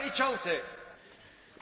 Galičance,